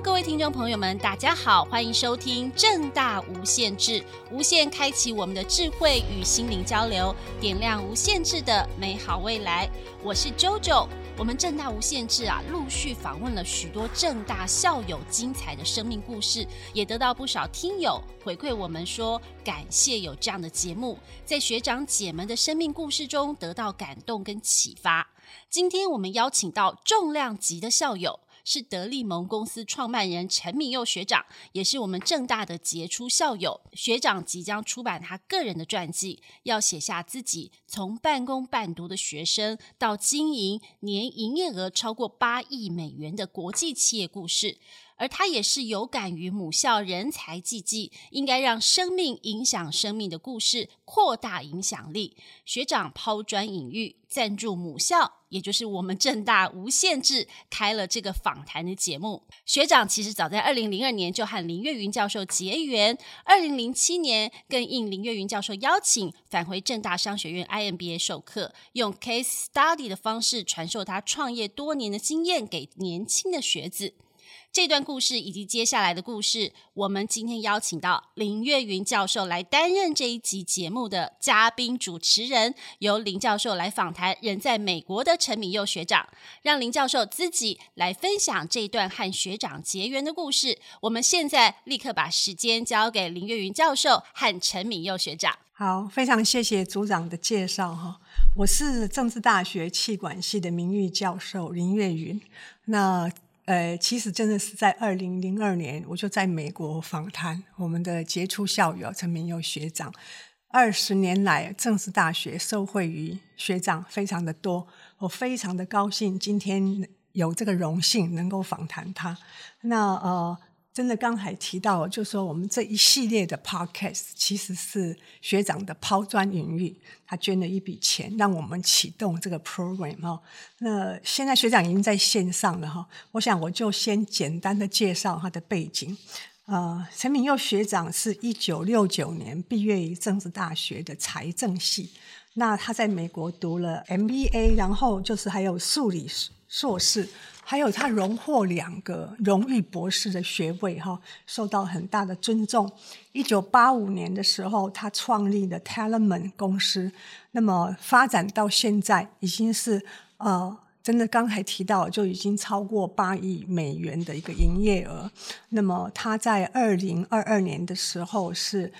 各位聽眾朋友們，大家好，歡迎收聽政大無限誌，無限開啟我們的智慧與心靈交流，點亮無限誌的美好未來。我是 JoJo，jo 我們政大無限誌啊，陸續訪問了許多政大校友精彩的生命故事，也得到不少聽友回饋我們說，感謝有這樣的節目，在學長姐們的生命故事中得到感動跟啟發。今天我們邀請到重量級的校友。是德利盟公司創辦人陳敏祐學長，也是我們政大的傑出校友。學長即將出版他個人的傳記，要寫下自己從半工半讀的學生到經營年營業額超過八億美元的國際企業故事。而他也是有感於母校人才濟濟，應該讓生命影響生命的故事擴大影響力。學長拋磚引玉，贊助母校，也就是我們政大無限誌開了這個訪談的節目。學長其實早在二零零二年就和林月雲教授結緣，二零零七年更應林月雲教授邀請，返回政大商學院 IMBA 授課，用 case study 的方式傳授他創業多年的經驗給年輕的學子。這段故事以及接下來的故事，我們今天邀請到林月雲教授來擔任這一集節目的嘉賓主持人，由林教授來訪談人在美國的陳敏祐學長，讓林教授自己來分享這一段和學長結緣的故事。我們現在立刻把時間交給林月雲教授和陳敏祐學長。好，非常謝謝組長的介紹哈，我是政治大學企管系的名譽教授林月雲，那。呃，其實真的是在二零零二年，我就在美國訪談我們的傑出校友、陳敏祐學長。二十年來，政治大學受惠於學長非常的多，我非常的高興，今天有這個榮幸能夠訪談他。那呃。真的剛才提到，就說我們這一系列的 podcast 其實是學長的拋磚引玉，他捐了一筆錢，讓我們啟動這個 program。那現在學長已經在線上了哈，我想我就先簡單的介紹他的背景。啊、呃，陳敏祐學長是一九六九年畢業於政治大學的財政系，那他在美國讀了 MBA，然後就是還有數理碩士。還有他榮獲兩個榮譽博士的學位，哈，受到很大的尊重。一九八五年的時候，他創立了 Telamon 公司，那麼發展到現在已經是呃，真的剛才提到就已經超過八億美元的一個營業額。那麼他在二零二二年的時候是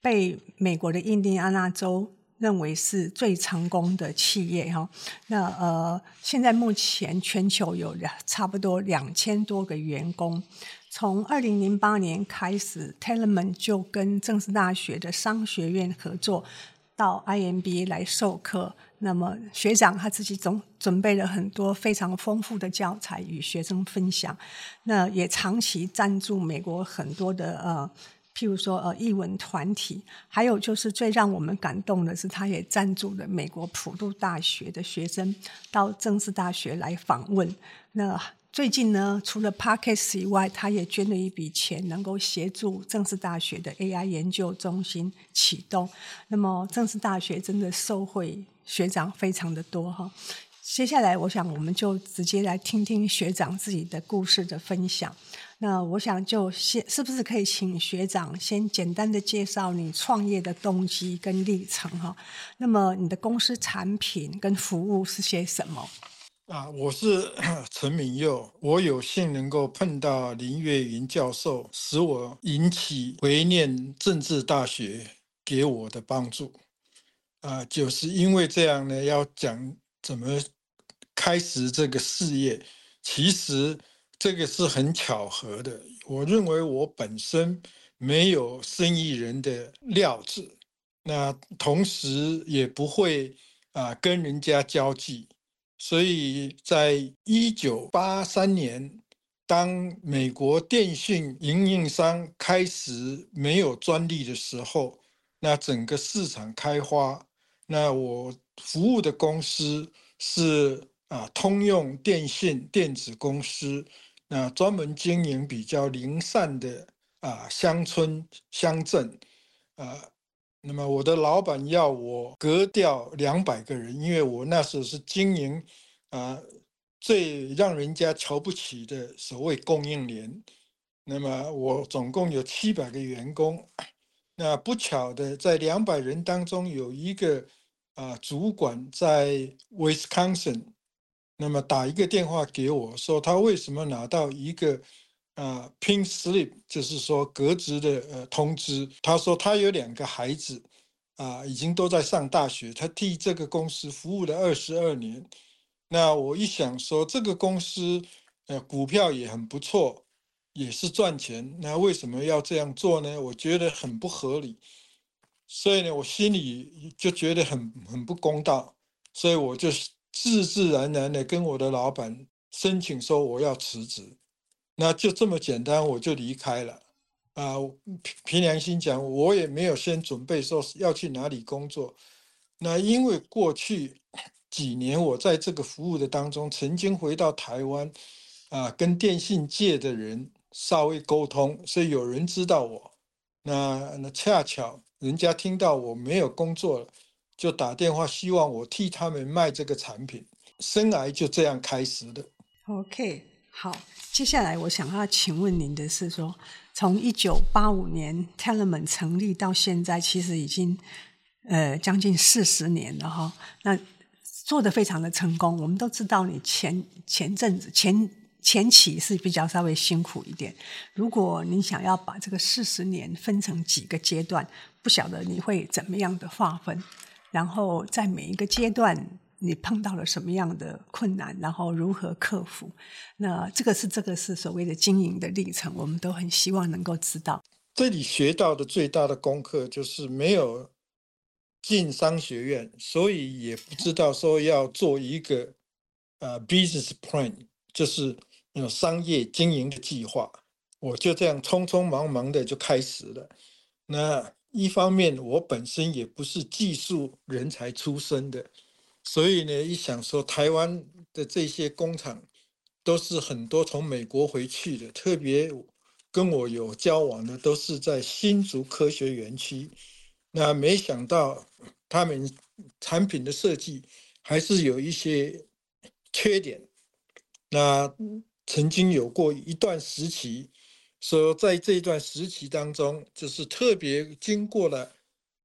被美國的印第安納州。認為是最成功的企業哈，那呃，現在目前全球有差不多兩千多個員工。從二零零八年開始，Telamon 就跟政治大學的商學院合作到 IMBA 來授課。那麼學長他自己總準備了很多非常豐富的教材與學生分享，那也長期贊助美國很多的呃譬如說，呃，藝文團體，還有就是最讓我們感動的是，他也贊助了美國普渡大學的學生到政治大學來訪問。那最近呢，除了 Parkes 以外，他也捐了一筆錢，能夠協助政治大學的 AI 研究中心啟動。那麼政治大學真的受惠學長非常的多哈。接下來，我想我們就直接來聽聽學長自己的故事的分享。那我想就先是不是可以請學長先簡單的介紹你創業的動機跟歷程哈、哦？那麼你的公司產品跟服務是些什麼？啊，我是陳敏祐，我有幸能夠碰到林月雲教授，使我引起回念政治大學給我的幫助。啊，就是因為這樣呢，要講怎麼開始這個事業，其實。這個是很巧合的。我認為我本身沒有生意人的料子，那同時也不會啊跟人家交際。所以在一九八三年，當美國電信營運商開始沒有專利的時候，那整個市場開花。那我服務的公司是啊通用電信電子公司。那、啊、專門經營比較零散的啊鄉村鄉鎮，啊，那麼我的老板要我革掉兩百個人，因為我那時候是經營啊最讓人家瞧不起的所謂供應鏈，那麼我總共有七百個員工，那不巧的在兩百人當中有一個啊主管在 Wisconsin。那麼打一個電話給我說，他為什麼拿到一個啊、呃，Pink Slip，就是說革職的呃通知。他說他有兩個孩子，啊、呃，已經都在上大學。他替這個公司服務了二十二年。那我一想說，這個公司呃股票也很不錯，也是賺錢。那為什麼要這樣做呢？我覺得很不合理。所以呢，我心裡就覺得很很不公道。所以我就。自自然然地跟我的老闆申請說我要辭職，那就這麼簡單，我就離開了。啊、呃，憑良心講，我也沒有先準備說要去哪裡工作。那因為過去幾年我在這個服務的當中，曾經回到台灣，啊、呃，跟電信界的人稍微溝通，所以有人知道我。那那恰巧人家聽到我沒有工作了。就打電話希望我替他們賣這個產品，生來就這樣開始的。OK，好，接下來我想要請問您的是說，從一九八五年 Telamon 成立到現在，其實已經呃將近四十年了哈。那做得非常的成功，我們都知道你前前陣子前前期是比較稍微辛苦一點。如果你想要把這個四十年分成幾個階段，不曉得你會怎麼樣的劃分？然後在每一個階段，你碰到了什麼樣的困難，然後如何克服？那這個是這個是所謂的經營的歷程，我們都很希望能夠知道。這裡學到的最大的功課就是沒有進商學院，所以也不知道說要做一個呃 business plan，就是有商業經營的計劃。我就這樣匆匆忙忙的就開始了。那。一方面，我本身也不是技術人才出身的，所以呢，一想說台灣的這些工廠都是很多從美國回去的，特別跟我有交往的，都是在新竹科學園區。那沒想到他們產品的設計還是有一些缺點。那曾經有過一段時期。所以、so, 在這一段時期當中，就是特別經過了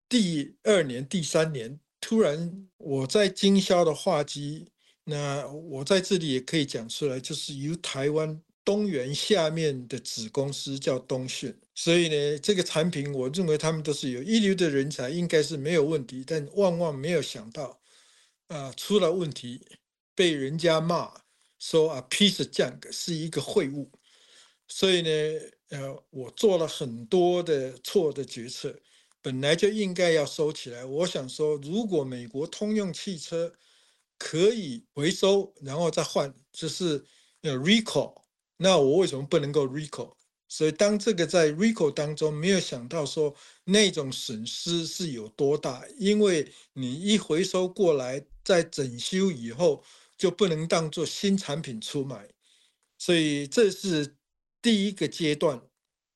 第二年、第三年，突然我在經銷的話機，那我在這裡也可以講出來，就是由台灣東元下面的子公司叫東訊，所以呢，這個產品我認為他們都是有一流的人才，應該是沒有問題。但萬萬沒有想到，啊、呃，出了問題，被人家罵說啊，piece of junk 是一個廢物。所以呢，呃，我做了很多的錯的決策，本來就應該要收起來。我想說，如果美國通用汽車可以回收，然後再換，就是 recall，那我為什麼不能夠 recall？所以當這個在 recall 當中，沒有想到說那種損失是有多大，因為你一回收過來，再整修以後就不能當做新產品出賣，所以這是。第一個階段，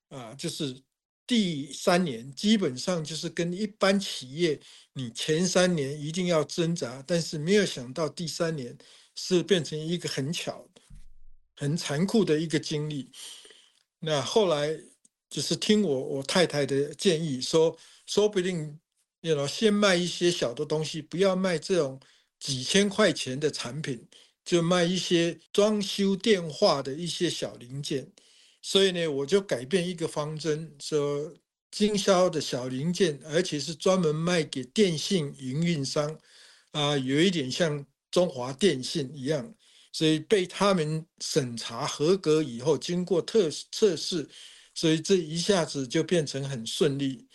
啊，就是第三年，基本上就是跟一般企業，你前三年一定要掙扎，但是沒有想到第三年是變成一個很巧、很殘酷的一個經歷。那後來就是聽我我太太的建議說，說不定要先賣一些小的東西，不要賣這種幾千塊錢的產品，就賣一些裝修電話的一些小零件。所以呢，我就改變一個方針，說經銷的小零件，而且是專門賣給電信營運商，啊、呃，有一點像中華電信一樣，所以被他們審查合格以後，經過特測試，所以這一下子就變成很順利。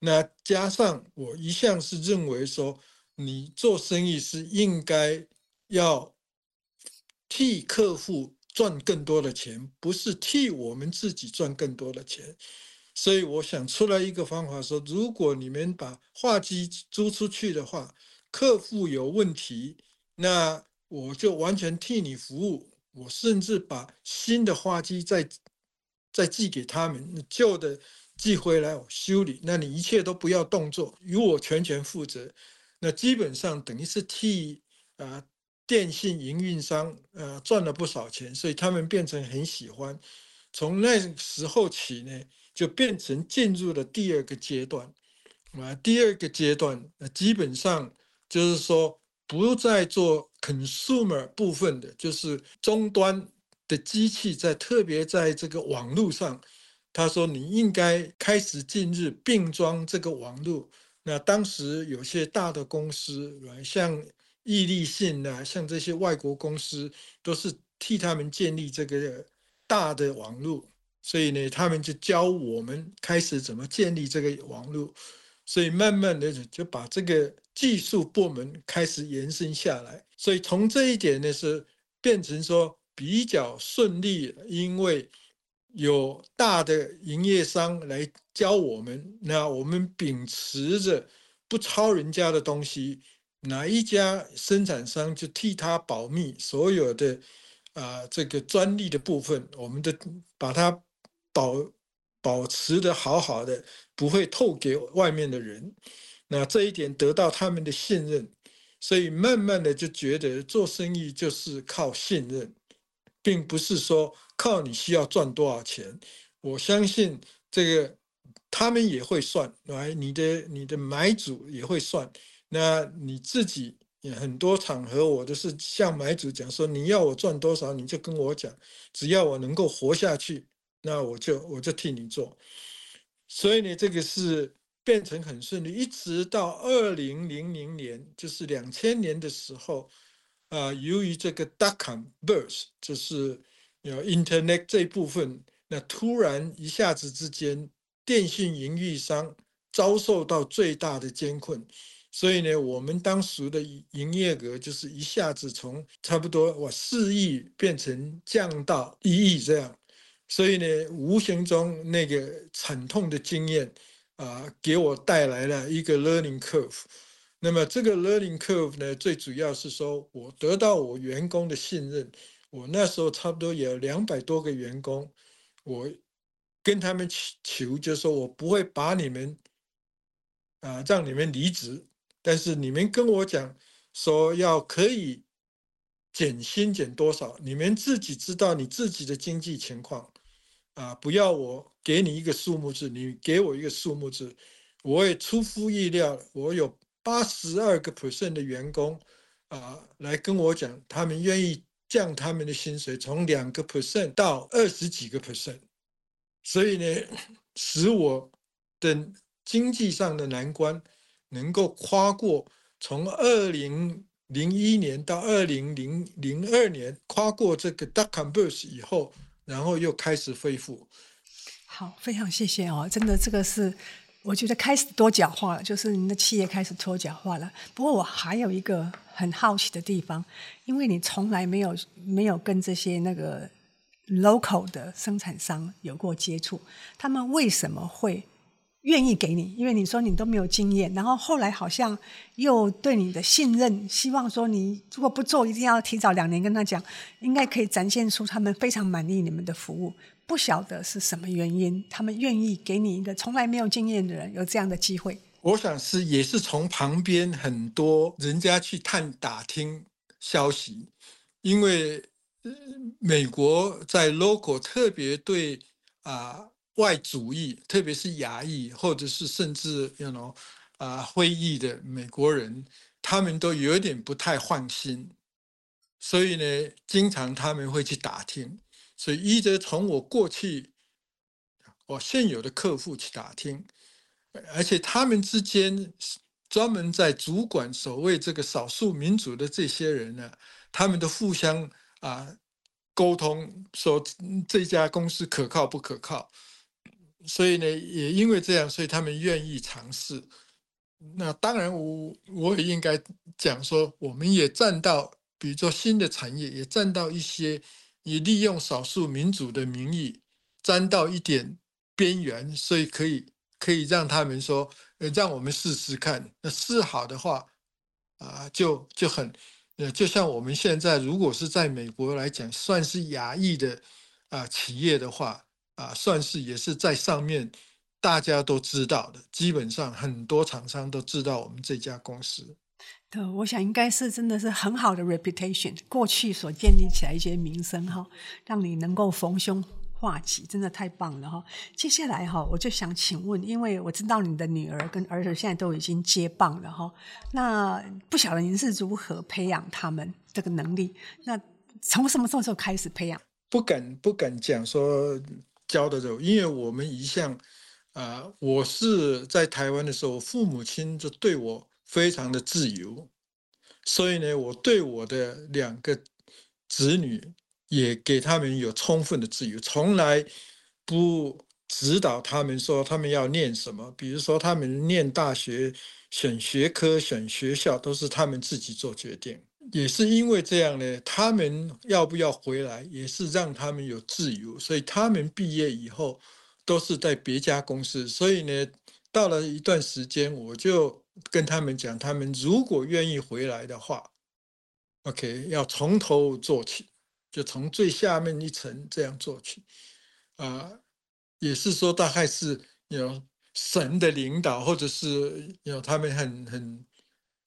那加上我一向是認為說，你做生意是應該要替客戶。賺更多的錢，不是替我們自己賺更多的錢，所以我想出來一個方法說，說如果你們把話機租出去的話，客戶有問題，那我就完全替你服務，我甚至把新的話機再再寄給他們，舊的寄回來我修理，那你一切都不要動作，由我全權負責，那基本上等於是替啊。呃電信營運商，呃，賺了不少錢，所以他們變成很喜歡。從那時候起呢，就變成進入了第二個階段。啊，第二個階段，基本上就是說不再做 consumer 部分的，就是終端的機器在特別在這個網絡上，他說你應該開始進入並裝這個網絡。那當時有些大的公司，像毅力性啊，像這些外國公司都是替他們建立這個大的網絡，所以呢，他們就教我們開始怎麼建立這個網絡，所以慢慢的就把這個技術部門開始延伸下來。所以從這一點呢，是變成說比較順利，因為有大的營業商來教我們，那我們秉持着不抄人家的東西。哪一家生產商就替他保密所有的，啊、呃，這個專利的部分，我們的把它保保持得好好的，不會透給外面的人。那這一點得到他們的信任，所以慢慢的就覺得做生意就是靠信任，並不是說靠你需要賺多少錢。我相信這個他們也會算來，你的你的買主也會算。那你自己很多場合，我都是向買主講說，你要我賺多少，你就跟我講，只要我能夠活下去，那我就我就替你做。所以呢，這個是變成很順利，一直到二零零零年，就是兩千年的時候，啊，由於這個 dot-com burst 就是要 you know, Internet 這一部分，那突然一下子之間，電信營運商遭受到最大的艱困。所以呢，我們當時的營業額就是一下子從差不多我四億變成降到一億這樣，所以呢，無形中那個慘痛的經驗啊，給我帶來了一個 learning curve。那麼這個 learning curve 呢，最主要是說我得到我員工的信任。我那時候差不多有兩百多個員工，我跟他們求求，就是說我不會把你們啊、呃、讓你們離職。但是你們跟我講，說要可以減薪減多少？你們自己知道你自己的經濟情況，啊，不要我給你一個數目字，你給我一個數目字，我也出乎意料。我有八十二個 percent 的員工，啊，來跟我講，他們願意降他們的薪水從，從兩個 percent 到二十幾個 percent，所以呢，使我渡過經濟上的難關。能夠跨過，從二零零一年到二零零零二年跨過這個 dot com bust 以後，然後又開始恢復。好，非常謝謝哦，真的這個是我覺得開始多角化了，就是您的企業開始多角化了。不過我還有一個很好奇的地方，因為你從來沒有沒有跟這些那個 local 的生產商有過接觸，他們為什麼會願意給你，因為你說你都沒有經驗，然後後來好像又對你的信任，希望說你如果不做，一定要提早兩年跟他講，應該可以展現出他們非常滿意你們的服務。不曉得是什麼原因，他們願意給你一個從來沒有經驗的人有這樣的機會。我想是也是從旁邊很多人家去探打聽消息，因為美國在 local 特別對啊。呃外族裔，特別是亞裔，或者是甚至那種啊，非 you know,、呃、裔的美國人，他們都有點不太放心，所以呢，經常他們會去打聽。所以，一直從我過去我現有的客戶去打聽，而且他們之間專門在主管所謂這個少數民族的這些人呢，他們都互相啊、呃、溝通，說這家公司可靠不可靠。所以呢，也因為這樣，所以他們願意嘗試。那當然我，我我也應該講說，我們也站到，比如說新的產業，也站到一些，也利用少數民族的名義，沾到一點邊緣，所以可以可以讓他們說、呃，讓我們試試看。那試好的話，啊、呃，就就很、呃，就像我們現在如果是在美國來講，算是亞裔的啊、呃、企業的話。啊，算是也是在上面，大家都知道的。基本上很多廠商都知道我們這家公司。對，我想應該是真的是很好的 reputation，過去所建立起來一些名聲哈，讓你能夠逢凶化吉，真的太棒了哈。接下來哈，我就想請問，因為我知道你的女兒跟兒子現在都已經接棒了哈，那不曉得您是如何培養他們這個能力？那從什麼什麼時候開始培養？不敢不敢講說。教的這，因為我們一向，啊、呃，我是在台灣的時候，父母親就對我非常的自由，所以呢，我對我的兩個子女也給他們有充分的自由，從來不指導他們說他們要念什麼，比如說他們念大學、選學科、選學校，都是他們自己做決定。也是因為這樣呢，他們要不要回來，也是讓他們有自由。所以他們畢業以後都是在別家公司。所以呢，到了一段時間，我就跟他們講，他們如果願意回來的話，OK，要從頭做起，就從最下面一層這樣做起。啊、呃，也是說，大概是有神的領導，或者是有他們很很。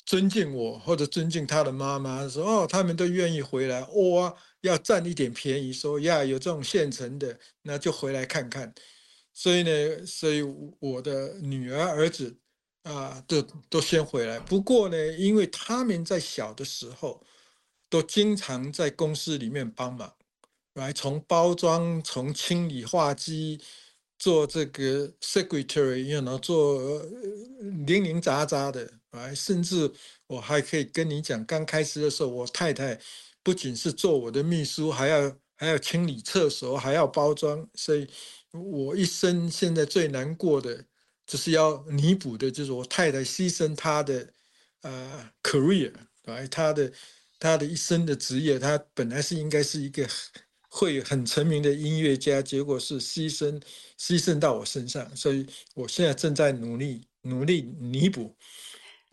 尊敬我，或者尊敬他的媽媽，說哦，他們都願意回來。我、哦、要占一點便宜，說呀，有這種現成的，那就回來看看。所以呢，所以我的女兒、兒子啊，都、呃、都先回來。不過呢，因為他們在小的時候，都經常在公司裡面幫忙，來從包裝、從清理話機，做這個 secretary，又能，you know，做零零雜雜的。甚至我還可以跟你講，剛開始的時候，我太太不僅是做我的秘書，還要還要清理廁所，還要包裝。所以，我一生現在最難過的，就是要彌補的，就是我太太犧牲她的呃 career，對她的她的一生的職業，她本來是應該是一個會很成名的音樂家，結果是犧牲犧牲到我身上。所以我現在正在努力努力彌補。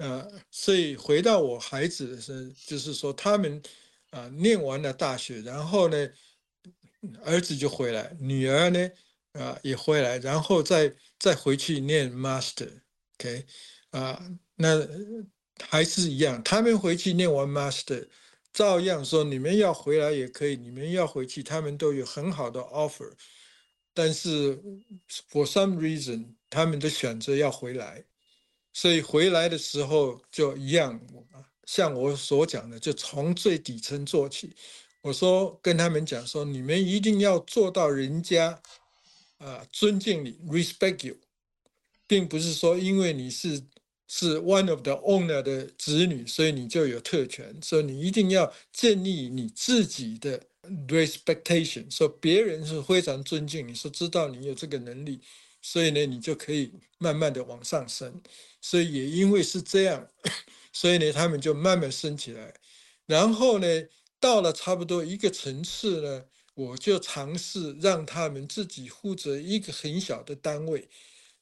呃，所以回到我孩子的時候，就是說他們，啊、呃，念完了大學，然後呢，兒子就回來，女兒呢，啊、呃，也回來，然後再再回去念 master，OK? 啊、呃，那還是一樣，他們回去念完 master，照樣說你們要回來也可以，你們要回去，他們都有很好的 offer，但是 for some reason，他們的選擇要回來。所以回來的時候就一樣，像我所講的，就從最底層做起。我說跟他們講說，你們一定要做到人家啊、呃、尊敬你，respect you，並不是說因為你是是 one of the owner 的子女，所以你就有特權。所以你一定要建立你自己的 respectation，說別人是非常尊敬你，是知道你有這個能力。所以呢，你就可以慢慢的往上升，所以也因為是這樣，所以呢，他們就慢慢升起來。然後呢，到了差不多一個層次呢，我就嘗試讓他們自己負責一個很小的單位，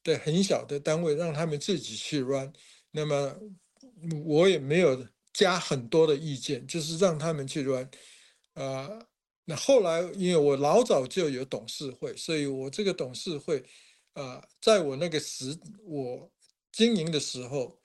的很小的單位，讓他們自己去 run。那麼我也沒有加很多的意見，就是讓他們去 run。呃，那後來因為我老早就有董事會，所以我這個董事會。呃，在我那個時，我經營的時候，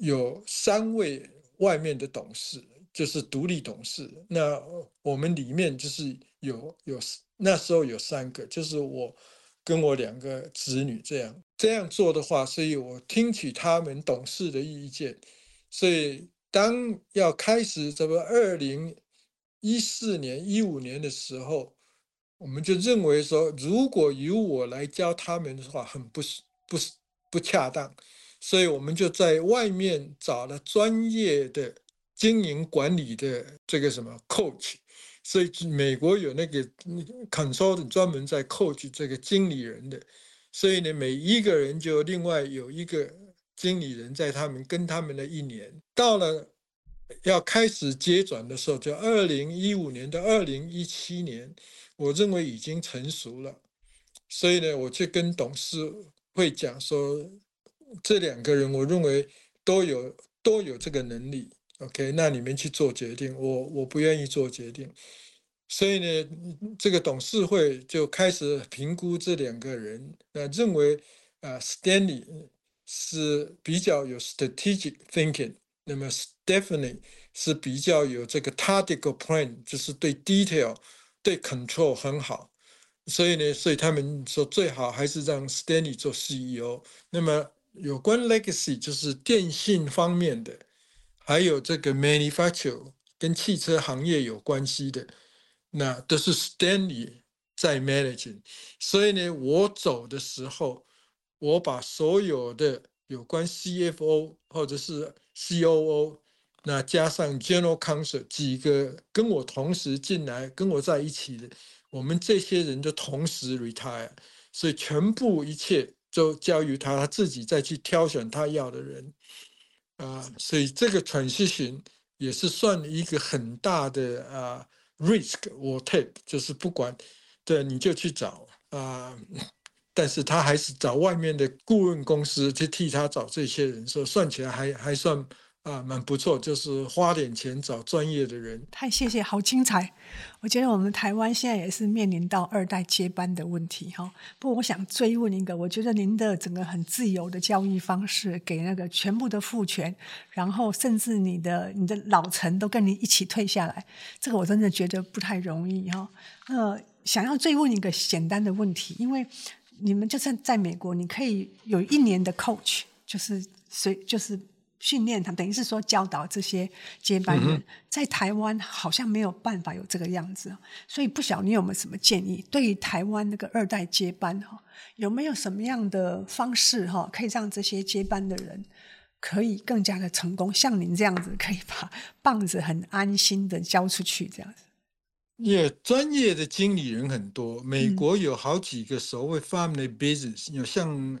有三位外面的董事，就是獨立董事。那我們裡面就是有有，那時候有三個，就是我跟我兩個子女這樣這樣做的話，所以我聽取他們董事的意見。所以當要開始這個二零一四年、一五年的時候。我們就認為說，如果由我來教他們的話，很不不不恰當，所以我們就在外面找了專業的經營管理的這個什麼 coach，所以美國有那個 consultant 專門在 coach 這個經理人的，所以呢，每一個人就另外有一個經理人在他們跟他們的一年，到了要開始接轉的時候，就二零一五年到二零一七年。我認為已經成熟了，所以呢，我就跟董事會講說，這兩個人我認為都有都有這個能力。OK，那你們去做決定，我我不願意做決定。所以呢，這個董事會就開始評估這兩個人，那認為啊，呃，Stanley 是比較有 strategic thinking，那麼 Stephanie 是比較有這個 tactical plan，就是對 detail。對 control 很好，所以呢，所以他們說最好還是讓 Stanley 做 CEO。那麼有關 legacy 就是電信方面的，還有這個 manufacture 跟汽車行業有關係的，那都是 Stanley 在 managing。所以呢，我走的時候，我把所有的有關 CFO 或者是 COO。那加上 General Counsel 幾個跟我同時進來跟我在一起的，我們這些人就同時 retire，所以全部一切都交由他，他自己再去挑選他要的人，啊、呃，所以這個 transition 也是算一個很大的啊、呃、risk 或 tap，就是不管對，你就去找啊、呃，但是他還是找外面的顧問公司去替他找這些人，說算起來還還算。啊，蠻不錯，就是花點錢找專業的人。太謝謝，好精彩！我覺得我們台灣現在也是面臨到二代接班的問題哈、哦。不過，我想追問一個，我覺得您的整個很自由的教育方式，給那個全部的父權，然後甚至你的你的老臣都跟你一起退下來，這個我真的覺得不太容易哈。那、哦呃、想要追問一個簡單的問題，因為你們就算在美國，你可以有一年的 coach，就是隨就是。就是訓練他，等於是說教導這些接班人，嗯、哼在台灣好像沒有辦法有這個樣子，所以不曉得你有沒有什麼建議，對於台灣那個二代接班有沒有什麼樣的方式可以讓這些接班的人可以更加的成功，像您這樣子可以把棒子很安心的交出去這樣子。也、yeah, 專業的經理人很多，美國有好幾個所謂 family business，、嗯、有像。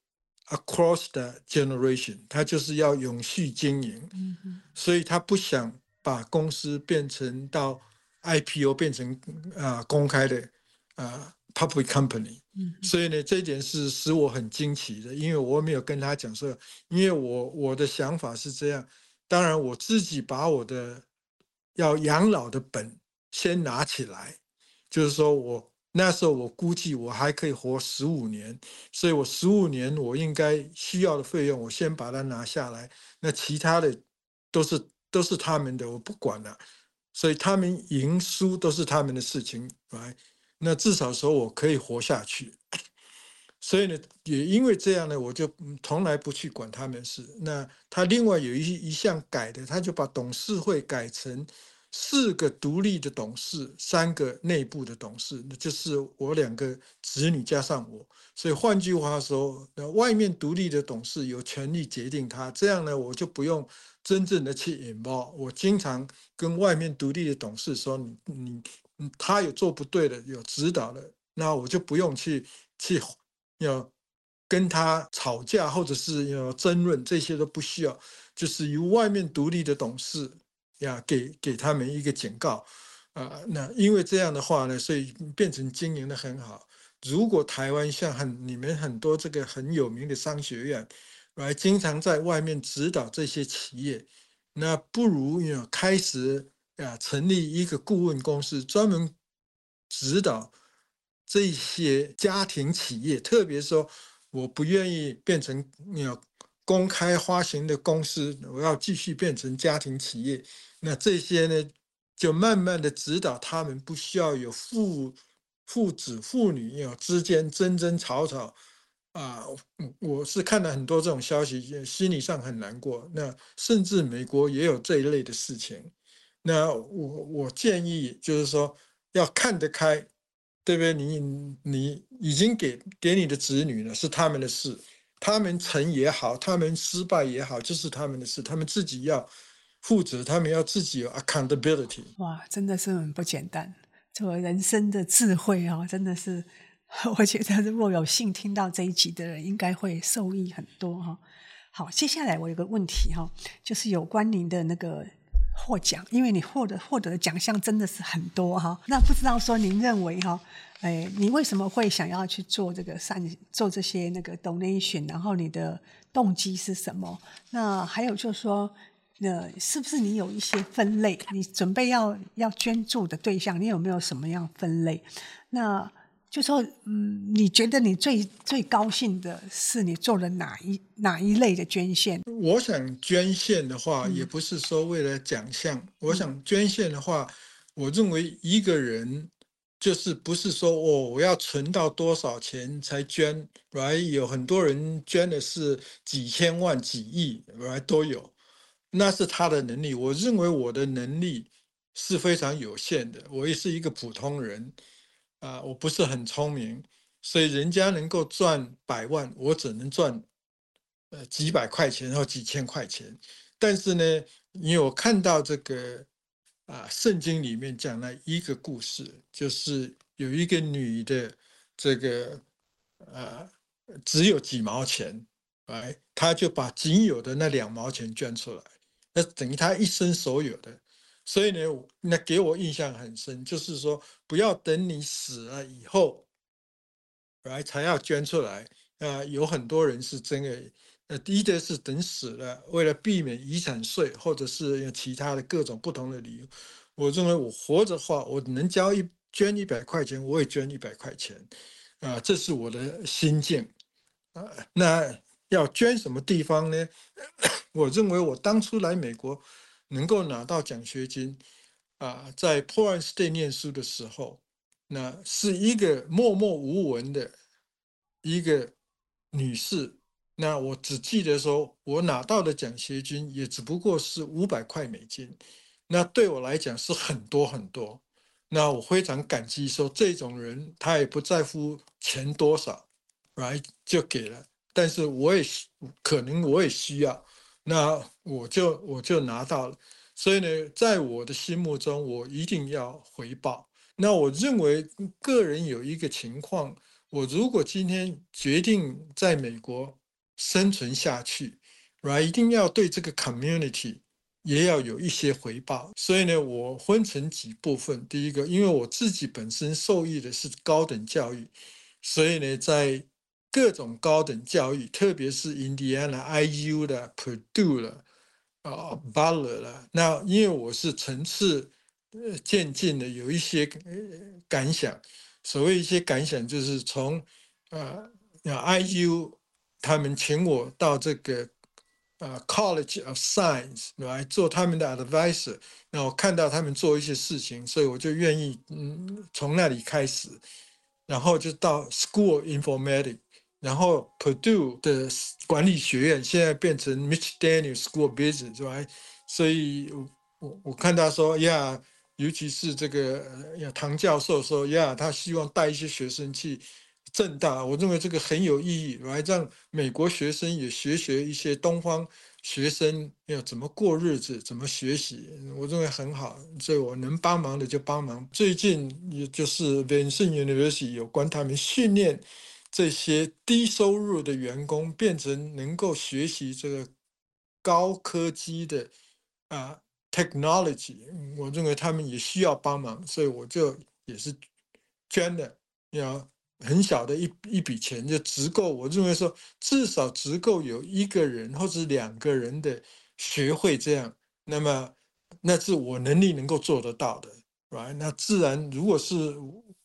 Across the generation，他就是要永續經營，嗯、哼所以他不想把公司變成到 IPO 變成啊、呃、公開的啊、呃、public company。嗯、哼所以呢，這一點是使我很驚奇的，因為我沒有跟他講說，因為我我的想法是這樣，當然我自己把我的要養老的本先拿起來，就是說我。那時候我估計我還可以活十五年，所以我十五年我應該需要的費用我先把它拿下來，那其他的都是都是他們的，我不管了，所以他們贏輸都是他們的事情來，那至少說我可以活下去，所以呢，也因為這樣呢，我就從來不去管他們事。那他另外有一一項改的，他就把董事會改成。四個獨立的董事，三個內部的董事，那就是我兩個子女加上我。所以換句話說，那外面獨立的董事有權利決定他，這樣呢，我就不用真正的去 involve。我經常跟外面獨立的董事說：“你、你、他有做不對的，有指導的，那我就不用去去要跟他吵架，或者是要爭論，這些都不需要。就是由外面獨立的董事。”呀，給給他們一個警告啊、呃！那因為這樣的話呢，所以變成經營的很好。如果台灣像很你們很多這個很有名的商學院，來經常在外面指導這些企業，那不如開始啊、呃，成立一個顧問公司，專門指導這些家庭企業。特別說，我不願意變成你有。公開發行的公司，我要繼續變成家庭企業，那這些呢，就慢慢的指導他們，不需要有父父子父女有之間爭爭吵吵啊。我是看了很多這種消息，心理上很難過。那甚至美國也有這一類的事情。那我我建議就是說要看得開，對不對？你你已經給給你的子女了，是他們的事。他們成也好，他們失敗也好，這是他們的事，他們自己要負責，他們要自己有 accountability。哇，真的是很不簡單，這個、人生的智慧啊、哦，真的是我覺得如果有幸聽到這一集的人，應該會受益很多哈、哦。好，接下來我有個問題哈、哦，就是有關您的那個。獲獎，因為你獲得獲得的獎項真的是很多哈。那不知道說您認為哈，欸，你為什麼會想要去做這個善做這些那個 donation？然後你的動機是什麼？那還有就是說，那是不是你有一些分類？你準備要要捐助的對象，你有沒有什麼樣分類？那。就說，嗯，你覺得你最最高興的是你做了哪一哪一類的捐獻？我想捐獻的話，也不是說為了獎項。嗯、我想捐獻的話，我認為一個人就是不是說我、哦、我要存到多少錢才捐，來、Right? 有很多人捐的是幾千萬、幾億，來、Right? 都有，那是他的能力。我認為我的能力是非常有限的，我也是一個普通人。啊、呃，我不是很聰明，所以人家能夠賺百萬，我只能賺呃幾百塊錢或幾千塊錢。但是呢，你有看到這個啊、呃，聖經裡面講了一個故事，就是有一個女的，這個呃只有幾毛錢，哎，她就把僅有的那兩毛錢捐出來，那等於她一生所有的。所以呢，那給我印象很深，就是說，不要等你死了以後，來才要捐出來。啊、呃，有很多人是真的。呃，第一的是等死了，為了避免遺產稅，或者是有其他的各種不同的理由。我認為我活着話，我能交一捐一百塊錢，我也捐一百塊錢，啊、呃，這是我的心境。啊、呃，那要捐什麼地方呢？ 我認為我當初來美國。能夠拿到獎學金，啊，在普愛斯隊念書的時候，那是一個默默無聞的一個女士。那我只記得說，我拿到的獎學金也只不過是五百塊美金，那對我來講是很多很多。那我非常感激，說這種人他也不在乎錢多少，來、right? 就給了。但是我也可能我也需要。那我就我就拿到了，所以呢，在我的心目中，我一定要回報。那我認為個人有一個情況，我如果今天決定在美國生存下去，right，一定要對這個 community 也要有一些回報。所以呢，我分成幾部分。第一個，因為我自己本身受益的是高等教育，所以呢，在各種高等教育，特別是 Indiana IU 的 Purdue 了、啊 Butler 了。那因為我是層次呃漸進的，有一些感想。所謂一些感想，就是從那、uh, IU 他們請我到這個呃、uh, College of Science 來、right? 做他們的 advisor，那我看到他們做一些事情，所以我就願意嗯從那裡開始，然後就到 School of Informatics。然後 Purdue 的管理學院現在變成 Mitch Daniel School of Business，是吧？所以我，我我看他說，呀，尤其是這個、呃，唐教授說，呀，他希望帶一些學生去政大，我認為這個很有意義，來讓美國學生也學學一些東方學生要怎麼過日子，怎麼學習，我認為很好。所以我能幫忙的就幫忙。最近，也就是 Vincennes University 有關他們訓練。這些低收入的員工變成能夠學習這個高科技的啊，uh，technology，我認為他們也需要幫忙，所以我就也是捐的要很小的一一筆錢，就只夠。我認為說至少只夠有一個人或者兩個人的學會這樣，那麼那是我能力能夠做得到的，right？那自然如果是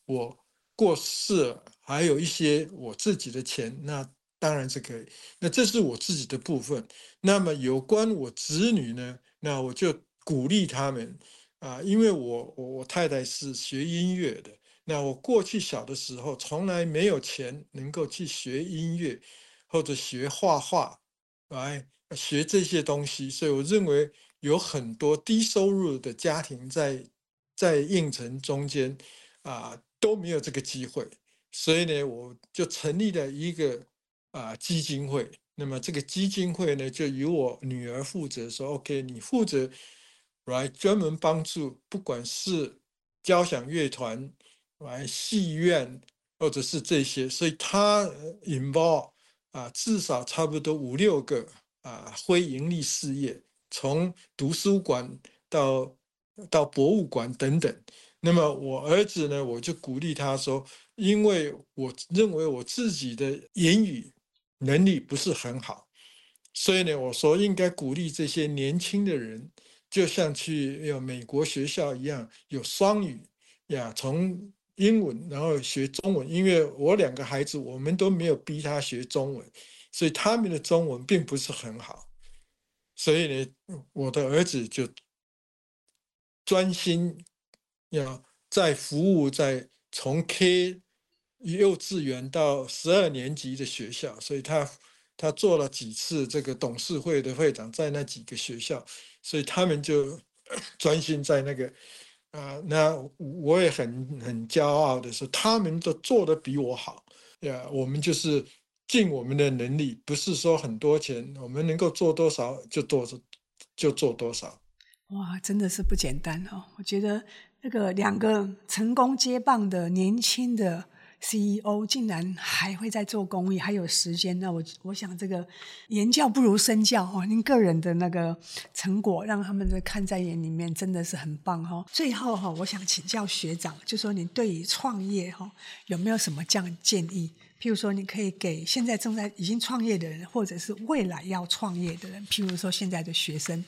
我過世了。還有一些我自己的錢，那當然是可以。那這是我自己的部分。那麼有關我子女呢？那我就鼓勵他們啊、呃，因為我我我太太是學音樂的。那我過去小的時候從來沒有錢能夠去學音樂，或者學畫畫，來學這些東西。所以我認為有很多低收入的家庭在在印城中間啊、呃，都沒有這個機會。所以呢，我就成立了一個啊基金會。那麼這個基金會呢，就由我女兒負責說，說 OK，你負責來專門幫助，不管是交響樂團、來戲院或者是這些。所以他 involve 啊，至少差不多五六個啊非盈利事業，從圖書館到到博物館等等。那麼我兒子呢，我就鼓勵他說。因為我認為我自己的英語能力不是很好，所以呢，我說應該鼓勵這些年輕的人，就像去有美國學校一樣，有雙語呀，從英文然後學中文。因為我兩個孩子，我們都沒有逼他學中文，所以他們的中文並不是很好。所以呢，我的兒子就專心要在服務，在從 K。幼稚園到十二年級的學校，所以他他做了幾次這個董事會的會長，在那幾個學校，所以他們就專心在那個啊、呃，那我也很很驕傲的是，他們都做得比我好呀。Yeah, 我們就是盡我們的能力，不是說很多錢，我們能夠做多少就做就做多少。哇，真的是不簡單哦。我覺得那個兩個成功接棒的年輕的。CEO 竟然還會在做公益，還有時間？那我我想這個言教不如身教哈，您個人的那個成果讓他們的看在眼裡面，真的是很棒哈。最後哈，我想請教學長，就說您對於創業哈有沒有什麼這樣建議？譬如說，你可以給現在正在已經創業的人，或者是未來要創業的人，譬如說現在的學生，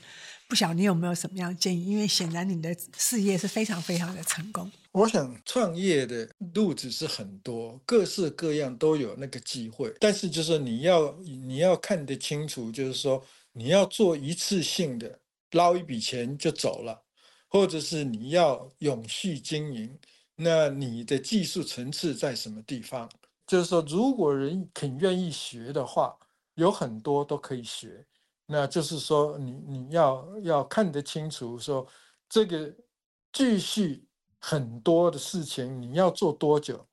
不曉得你有沒有什麼樣的建議？因為顯然你的事業是非常非常的成功。我想創業的路子是很多，各式各樣都有那個機會，但是就是你要你要看得清楚，就是說你要做一次性的撈一筆錢就走了，或者是你要永續經營，那你的技術層次在什麼地方？就是說，如果人肯願意學的話，有很多都可以學。那就是說你，你你要要看得清楚，說這個繼續。很多的事情你要做多久？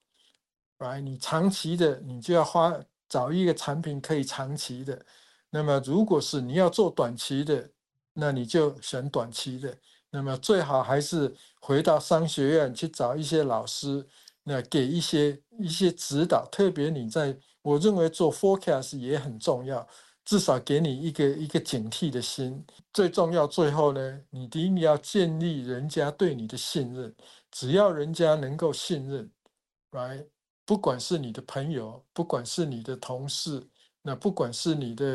來，Right，你長期的你就要花找一個產品可以長期的。那麼，如果是你要做短期的，那你就選短期的。那麼，最好還是回到商學院去找一些老師，那給一些一些指導。特別你在，我認為做 forecast 也很重要。至少給你一個一個警惕的心，最重要。最後呢，你一定要建立人家對你的信任，只要人家能夠信任，right，不管是你的朋友，不管是你的同事，那不管是你的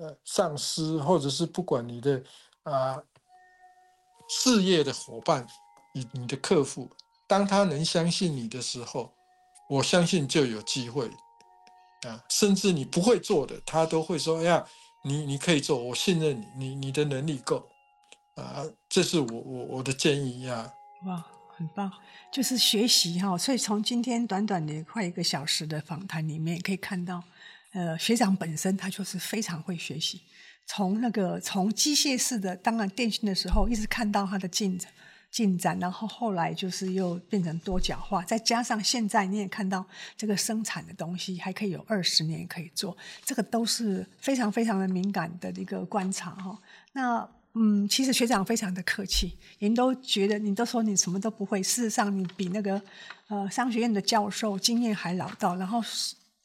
呃上司，或者是不管你的啊事業的夥伴，你你的客戶，當他能相信你的時候，我相信就有機會。啊、甚至你不會做的，他都會說：“哎呀，你你可以做，我信任你，你你的能力夠。”啊，這是我我我的建議呀、啊。哇，很棒，就是學習哈。所以從今天短短的快一個小時的訪談裡面，可以看到，呃，學長本身他就是非常會學習，從那個從機械式的當然電信的時候，一直看到他的鏡子，進展，然後後來就是又變成多角化，再加上現在你也看到這個生產的東西還可以有二十年可以做，這個都是非常非常的敏感的一個觀察哈。那嗯，其實學長非常的客氣，您都覺得你都說你什麼都不會，事實上你比那個呃商學院的教授經驗還老道，然後。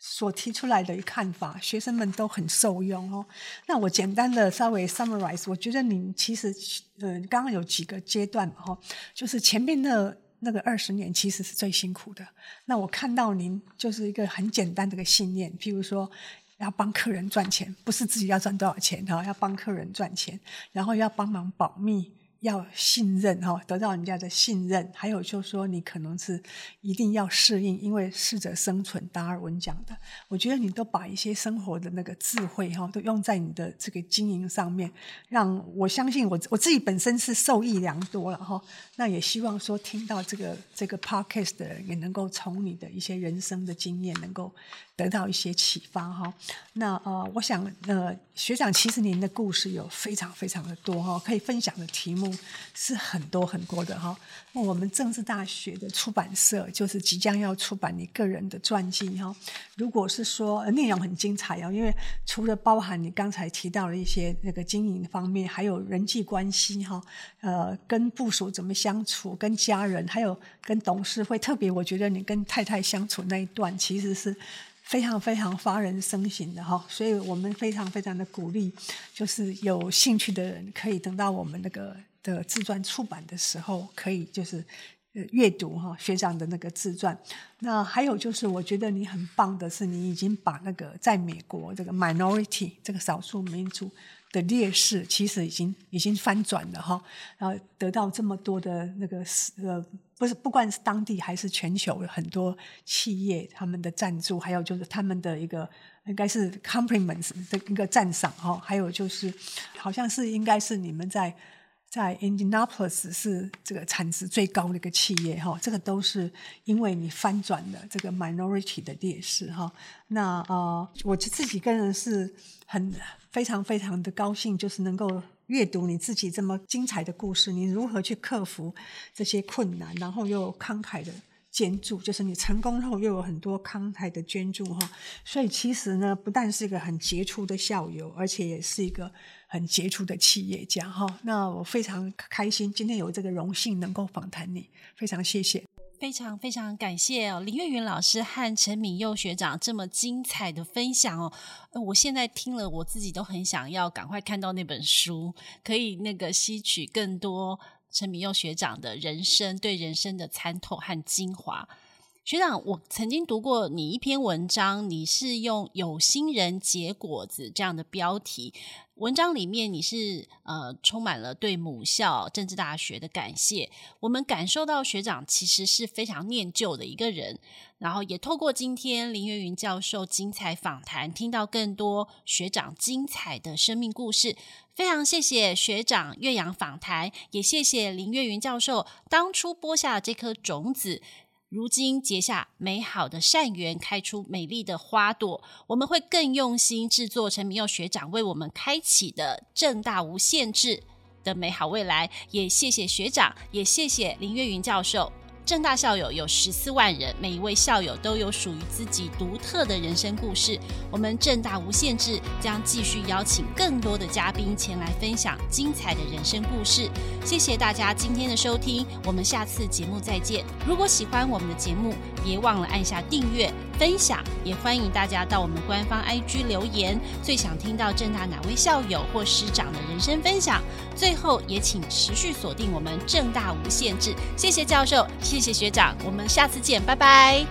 所提出來的一看法，學生們都很受用哦。那我簡單的稍微 summarize，我覺得您其實，呃、嗯，剛剛有幾個階段嘛，就是前面那那個二十年其實是最辛苦的。那我看到您就是一個很簡單的一個信念，譬如說要幫客人賺錢，不是自己要賺多少錢哈，要幫客人賺錢，然後要幫忙保密。要信任哈，得到人家的信任，還有就是說，你可能是一定要適應，因為適者生存，達爾文講的。我覺得你都把一些生活的那個智慧哈，都用在你的這個經營上面，讓我相信我我自己本身是受益良多了哈。那也希望說聽到這個這個 podcast 的人也能夠從你的一些人生的經驗，能夠得到一些啟發哈。那呃，我想呃，學長其實您的故事有非常非常的多哈，可以分享的題目。是很多很多的哈。那我們政治大學的出版社就是即將要出版你個人的傳記哈。如果是說內容很精彩哦，因為除了包含你剛才提到的一些那個經營方面，還有人際關係哈，呃，跟部屬怎麼相處，跟家人，還有跟董事會，特別我覺得你跟太太相處那一段，其實是非常非常發人深省的哈。所以我們非常非常的鼓勵，就是有興趣的人可以等到我們那個的自傳出版的時候，可以就是，呃，閱讀哈學長的那個自傳。那還有就是，我覺得你很棒的是，你已經把那個在美國這個 minority 這個少數民族的劣勢，其實已經已經翻轉了哈。然後得到這麼多的那個呃，不是，不管是當地還是全球，有很多企業他們的贊助，還有就是他們的一個應該是 compliments 的一個讚賞哈。還有就是，好像是應該是你們在。在 Indianapolis 是這個產值最高的一個企業哈，這個都是因為你翻轉了這個 minority 的劣勢哈。那呃我就自己個人是很非常非常的高興，就是能夠閱讀你自己這麼精彩的故事，你如何去克服這些困難，然後又慷慨的。捐助，就是你成功後又有很多慷慨的捐助哈，所以其實呢，不但是一個很傑出的校友，而且也是一個很傑出的企業家哈。那我非常開心，今天有這個榮幸能夠訪談你，非常謝謝。非常非常感謝林月雲老師和陳敏祐學長這麼精彩的分享哦。我現在聽了，我自己都很想要趕快看到那本書，可以那個吸取更多。陳敏祐學長的人生，對人生的參透和精華，學長，我曾經讀過你一篇文章，你是用“有心人結果子”這樣的標題。文章裡面，你是呃充滿了對母校政治大學的感謝。我們感受到學長其實是非常念舊的一個人，然後也透過今天林月雲教授精彩訪談，聽到更多學長精彩的生命故事。非常謝謝學長越洋訪談，也謝謝林月雲教授當初播下的這顆種子。如今結下美好的善緣，開出美麗的花朵。我們會更用心制作，陳敏祐學長為我們開啟的政大無限誌的美好未來。也謝謝學長，也謝謝林月雲教授。政大校友有十四萬人，每一位校友都有屬於自己獨特的人生故事。我們政大無限誌將繼續邀請更多的嘉賓前來分享精彩的人生故事。謝謝大家今天的收聽，我們下次節目再見。如果喜歡我們的節目，別忘了按下訂閱、分享，也歡迎大家到我們官方 IG 留言，最想聽到政大哪位校友或師長的人生分享。最後，也請持續鎖定我們政大無限誌。謝謝教授。謝謝學長，我們下次見，拜拜。